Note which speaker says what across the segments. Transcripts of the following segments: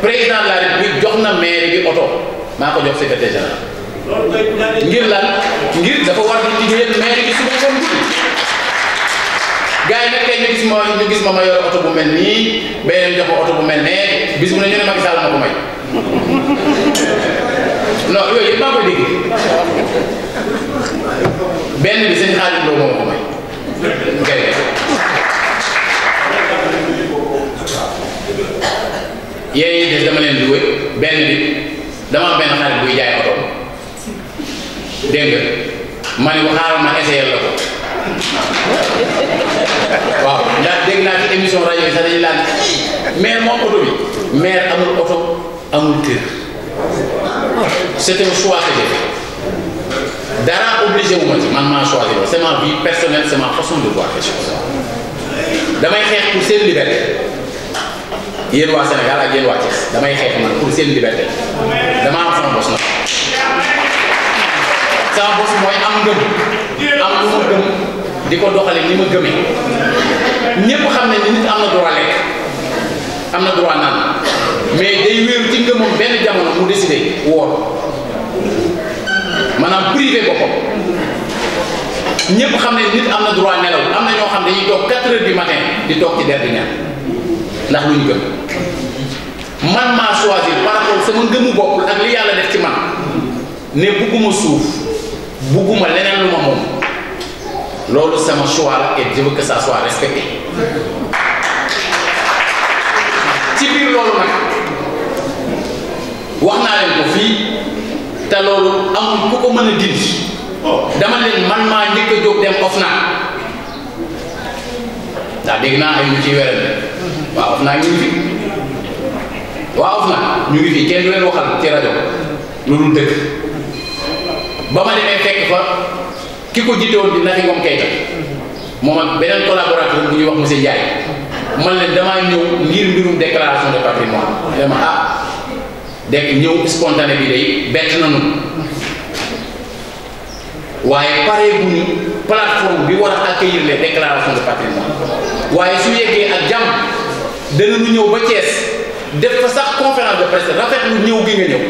Speaker 1: président de la république jox na maire bi oto maa ko jox secrétaire général ngir lan ngir dafa war di liggéeyal maire bi gis ma ñu yor oto bu mel nii beneen jox ko bu mel nee bis mu ne ñu ne Macky Sall ma ko may non yooyu yëpp maa koy dégg benn bi seen xaalis loolu moo ko may yéen des dama leen luwe benn bi dama am benn xarit buy jaay oto dégg nga ma ma essayé la ko waaw ndax dégg naa ci émission rajo bi sax dañuy laaj maire oto bi maire amul oto amul kër c'est un choix que j'ai fait dara obligé wu ma ci man maa choisir c'est ma vie personnelle c'est ma façon de voir les choses damay xeex pour seen yéen waa Sénégal ak yéen waa damay xeex man pour seen liberté dama am sama bos nag sama bos mooy am ngëm am ko xam ne am na droit am na droit naan mais day wéeru ci ngëmam benn jamono mu décidé woor maanaam privé boppam ñépp xam ne nit am na droit nelaw am na ñoo xam ne dañuy toog 4 heures du matin di toog ci der di nelaw ndax lu ñu gëm man maa choisir par rapport sama ngëmu bopp ak li yàlla def ci man ne bugguma suuf bugguma leneen lu ma moom loolu sama choix la et je veux que ci biir loolu nag wax naa leen ko fii te loolu amul ku ko mën a dindi dama leen man maa njëkk jóg dem of naa ndax dégg naa ay ñu ciy werante waaw of naa ñu ngi fi waaw of naa ñu ngi fi kenn du leen waxal ci rajo loolu dëgg ba ma demee fekk fa ki ko jiite woon di Nafi Ngom Keïta moom ak beneen collaborateur bu ñuy wax monsieur Ndiaye man leen damaa ñëw ngir mbirum déclaration de patrimoine dama ah dégg ñëw spontané bi day bett nañu waaye pare bu ñu bi war a accueillir les déclarations de patrimoine waaye su yeggee ak jàmm danañu ñëw ba Thiès def fa sax conférence de presse rafetlu ñëw bi nga ñëw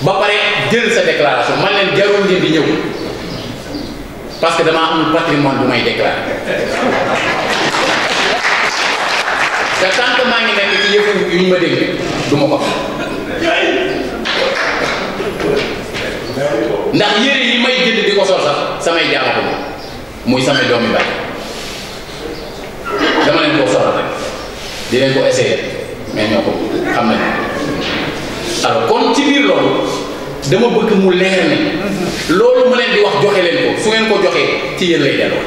Speaker 1: ba pare jël sa déclaration man leen jarul ngeen di ñëw parce que damaa am patrimoine bu may déclarer te tant maa ngi nekk ci yëfu yu ñu ma dégg du ma ko xam ndax yére yi may jënd di ko sol sax samay jaama ko moom muy samay doomi baay dama leen koo soxla di leen ko essayer mais ñoo ko xam nañ alors kon ci biir loolu dama bëgg mu leer ne loolu ma leen di wax joxe leen ko su ngeen ko joxee ci yéen lay delloo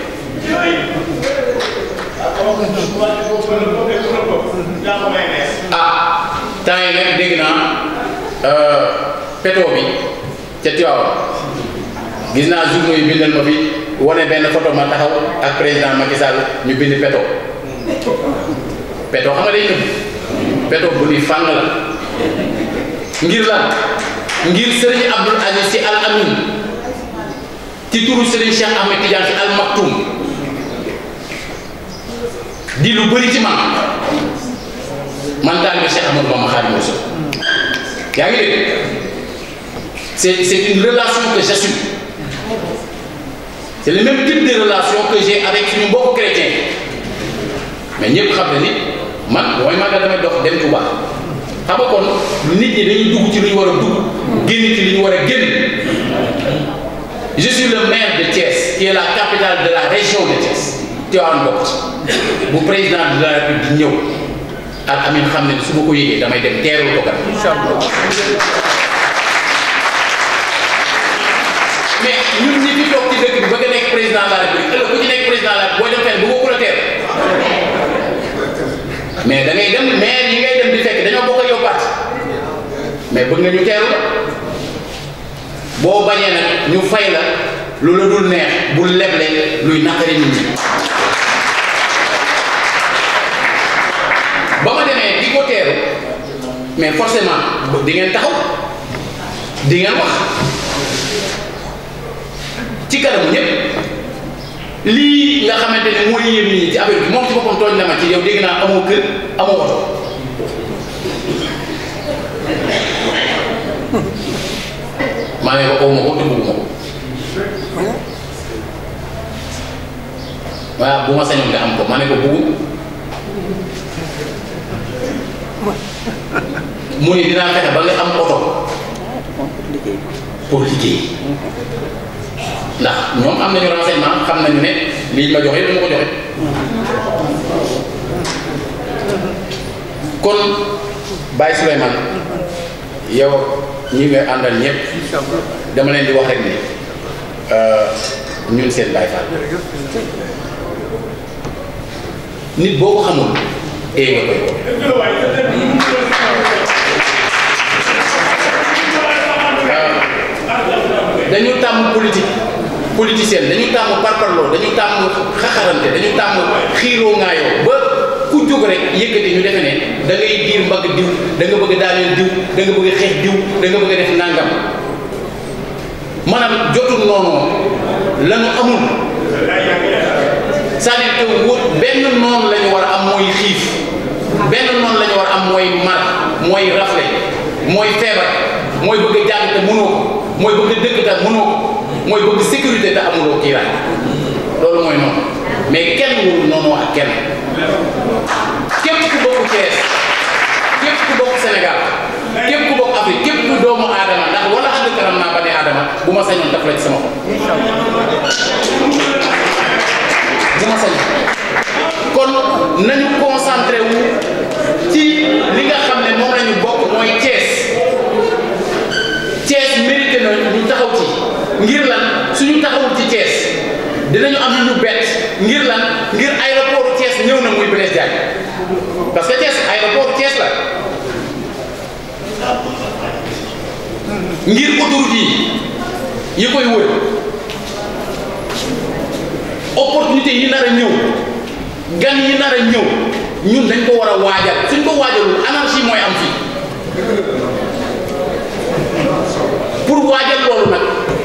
Speaker 1: ah temps yi nag dégg naa euh, péto bi ca Tiwaawan gis naa journaux yi bindal ma fi woné ben photo ma taxaw ak président Macky Sall ñu bind peto peto xam nga lay nëbb peto bu ni fànn la ngir la ngir serigne Abdul Aziz ci al amin ci turu serigne Cheikh Ahmed Tidiane ci al maktoum di lu bari ci man man taalibe Cheikh Ahmadou Bamba Khadimu Rasul yaa ngi c'est c'est une relation que j'assume C'est le même type de relation que j'ai avec suñu mbokk chrétien mais ñëpp xam ne nit man mooy man damay dox dem Touba xam nga kon nit ñi dañuy dugg ci lu ñu war a dugg génn ci lu ñu war je suis le maire de Thiès qui est la capitale de la région de Thiès Tivaouane bokk bu président de la République di ñëw ak Amine xam ne su ma ko yëgee damay dem teerul ko gan mais ñun ñi fi bëgg a nekk président de la république ëllëg ku ci nekk président la boo dem fenn bu bokkul a teer mais da yi ngay dañoo bokk ak yow parti mais bëgg nga ñu teeru boo bañee nag ñu fay la lu la dul neex bu leble luy naqari nit ñi ba ma demee di ko teeru mais forcément di ngeen taxaw di ngeen wax ci kanamu ñëpp lii nga xamante ni mooy yéem nii ci affaire bi moom ci boppam tooñ na ma ci yow dégg naa amoo kër amoo oto ne ko bugg mu ne dinaa fexe ba nga am oto pour liggéey. ndax
Speaker 2: ñoom am nañu renseignement
Speaker 1: xam nañu ne lii ma joxe du ma ko joxe kon Baye Souleymane yow ñi nga àndal ñëpp dama leen di wax rek ni euh, ñun seen Baye Fall nit boo ko xamul ee nga koy euh, dañu tàmm politique politicienne dañu tàmm parparloo dañu tàmm xaxarante dañu tàmm xiiroo ngaayoo ba ku jóg rek yëkkati ñu defe ne da ngay diir mbagg diw da nga bëgg daaneel diw da nga bëgg xeex diw da nga bëgg def nàngam maanaam jotul noonu la ñu amul c'est-à-dire que benn noonu la war a am mooy xiif benn noonu la war a am mooy mar mooy rafle mooy feebar mooy bëgg a jàng te mënoo ko mooy bëgg a te mënoo mooy bëgg sécurité te amuloo kiiraay loolu mooy noonu mais kenn warul noonu ak kenn képp ku bokk Thiès képp ku bokk Sénégal képp ku bokk Afrique képp ku doomu aadama ndax wala ànd kanam naa ba ne aadama bu ma sañoon daf la sama xol bu ma sañoon kon nañu concentré ci li nga xam ne moom lañu bokk mooy Thiès Thiès mérité na ñu taxaw ci ngir lan suñu taxawul ci Thiès dinañu am lu ñu bett ngir lan ngir aéroport Thiès ñëw na muy Blaise Diagne parce que cees aéroport Thiès la ngir autoroute yi yi koy wër opportunité yi nar a ñëw gan yi nar a ñëw ñun dañ ko war a waajal suñ ko waajalul anarchie mooy am fii pour waajal loolu nag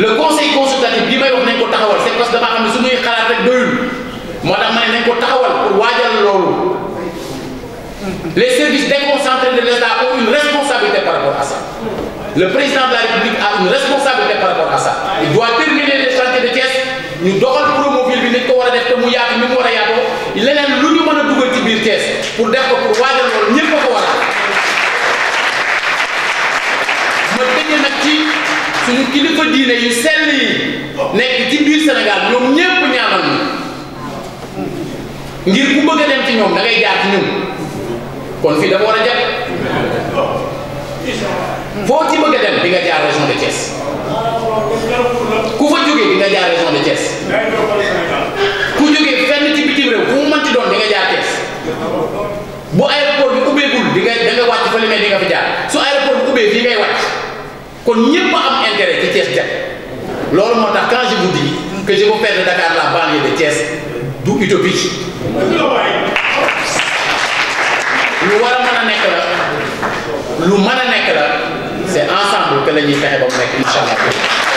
Speaker 1: le conseil consultatif bi may wax nañ ko taxawal c'est parce que dama xam ne su ñuy xalaat rek doyul moo tax ma ne nañ ko taxawal pour waajal loolu les services déconcentrés de l'État ont une responsabilité par rapport à ça le président de la République a une responsabilité par rapport à ça il doit terminer les chantiers de Thiès ñu doxal promouvoir bi nañ ko war a def te mu yaatu ni mu war a yaatoo leneen lu ñu mën a ci biir Thiès pour def ko pour waajal loolu ñëpp ko war ma suñu kilifa diine yu sell yi nekk ci biir Sénégal ñoom ñépp ñaanal ñu ngir ku bëgg a dem ci ñoom da jaar ci ñun kon fii dafa war a jàpp foo ci bëgg dem di nga jaar région de Thiès ku fa jógee di nga jaar région de Thiès ku jógee fenn ci bitim réew fu mu mënti doon di jaar Thiès bu aéroport bi ubbeegul di nga da wàcc fa li mel di nga fi jaar su aéroport bi ubbee fii ngay wàcc kon que je veux faire de Dakar la banlieue de Thiès du utopie. lu war a mën a lu mën a nekk la c'est ensemble que la ñuy fexe ba mu nekk incha allah.